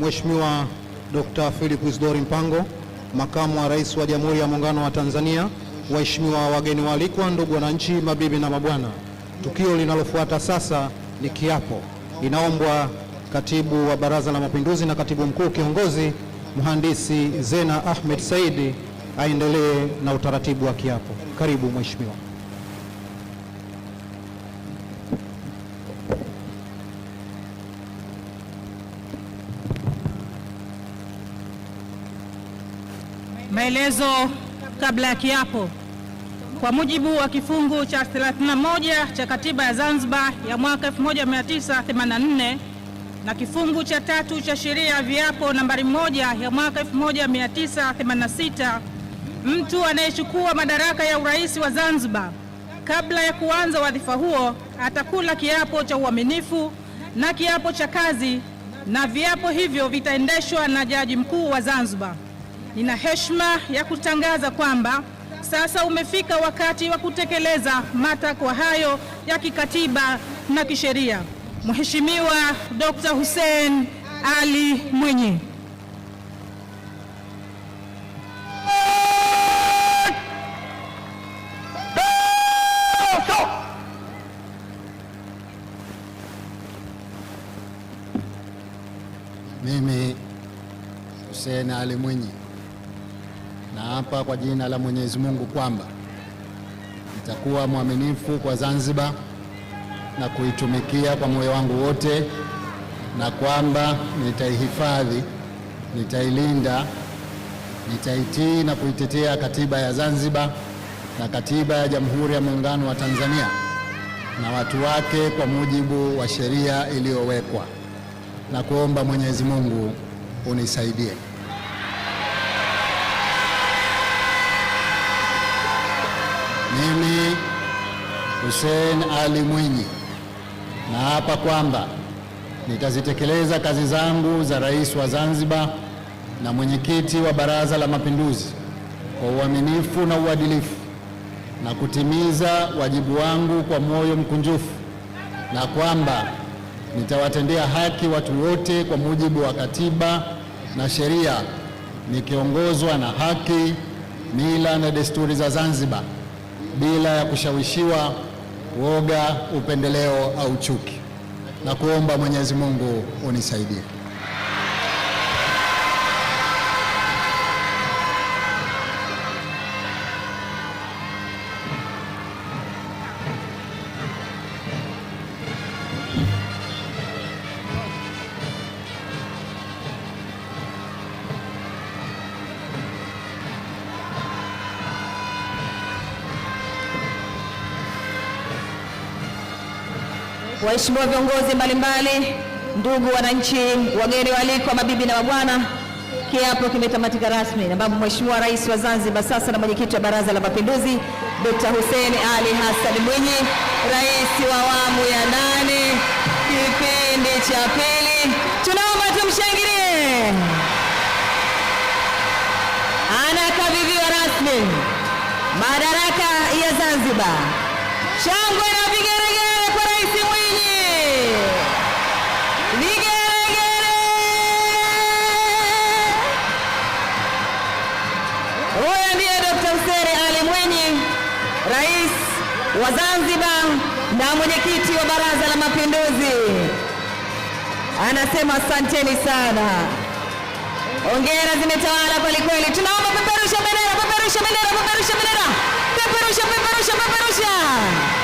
Mheshimiwa Dr. Philip Isdori Mpango, makamu wa rais wa Jamhuri ya Muungano wa Tanzania, waheshimiwa wageni waalikwa, ndugu wananchi, mabibi na mabwana, tukio linalofuata sasa ni kiapo. Inaombwa katibu wa Baraza la Mapinduzi na katibu mkuu kiongozi mhandisi Zena Ahmed Saidi aendelee na utaratibu wa kiapo. Karibu mheshimiwa. Maelezo kabla ya kiapo. Kwa mujibu wa kifungu cha 31 cha Katiba ya Zanzibar ya mwaka 1984 na kifungu cha tatu cha sheria ya viapo nambari moja ya mwaka 1986, mtu anayechukua madaraka ya urais wa Zanzibar kabla ya kuanza wadhifa huo atakula kiapo cha uaminifu na kiapo cha kazi, na viapo hivyo vitaendeshwa na Jaji Mkuu wa Zanzibar. Nina heshima ya kutangaza kwamba sasa umefika wakati wa kutekeleza matakwa hayo ya kikatiba na kisheria. Mheshimiwa Dr. Hussein Ali Mwinyi. Mimi Hussein Ali Mwinyi na hapa kwa jina la Mwenyezi Mungu kwamba nitakuwa mwaminifu kwa Zanzibar na kuitumikia kwa moyo wangu wote, na kwamba nitaihifadhi, nitailinda, nitaitii na kuitetea katiba ya Zanzibar na katiba ya Jamhuri ya Muungano wa Tanzania na watu wake kwa mujibu wa sheria iliyowekwa, na kuomba Mwenyezi Mungu unisaidie. Mimi Hussein Ali Mwinyi naapa kwamba nitazitekeleza kazi zangu za rais wa Zanzibar na mwenyekiti wa Baraza la Mapinduzi kwa uaminifu na uadilifu na kutimiza wajibu wangu kwa moyo mkunjufu, na kwamba nitawatendea haki watu wote kwa mujibu wa katiba na sheria, nikiongozwa na haki, mila na desturi za Zanzibar bila ya kushawishiwa woga, upendeleo au chuki, na kuomba Mwenyezi Mungu unisaidie. waheshimiwa viongozi mbalimbali, ndugu wananchi, wageni waalikwa, mabibi na mabwana, kiapo kimetamatika rasmi, ambapo Mheshimiwa Rais wa Zanzibar sasa na mwenyekiti wa Baraza la Mapinduzi Dr. Hussein Ali Hassan Mwinyi, rais wa awamu ya nane kipindi cha pili. Tunaomba tumshangilie, anakabidhiwa rasmi madaraka ya Zanzibar. Shangwe na rais wa Zanzibar na mwenyekiti wa Baraza la Mapinduzi anasema asanteni sana, ongera zimetawala kwelikweli. Tunaomba peperusha bendera, peperusha bendera, peperusha bendera, peperusha, peperusha, peperusha.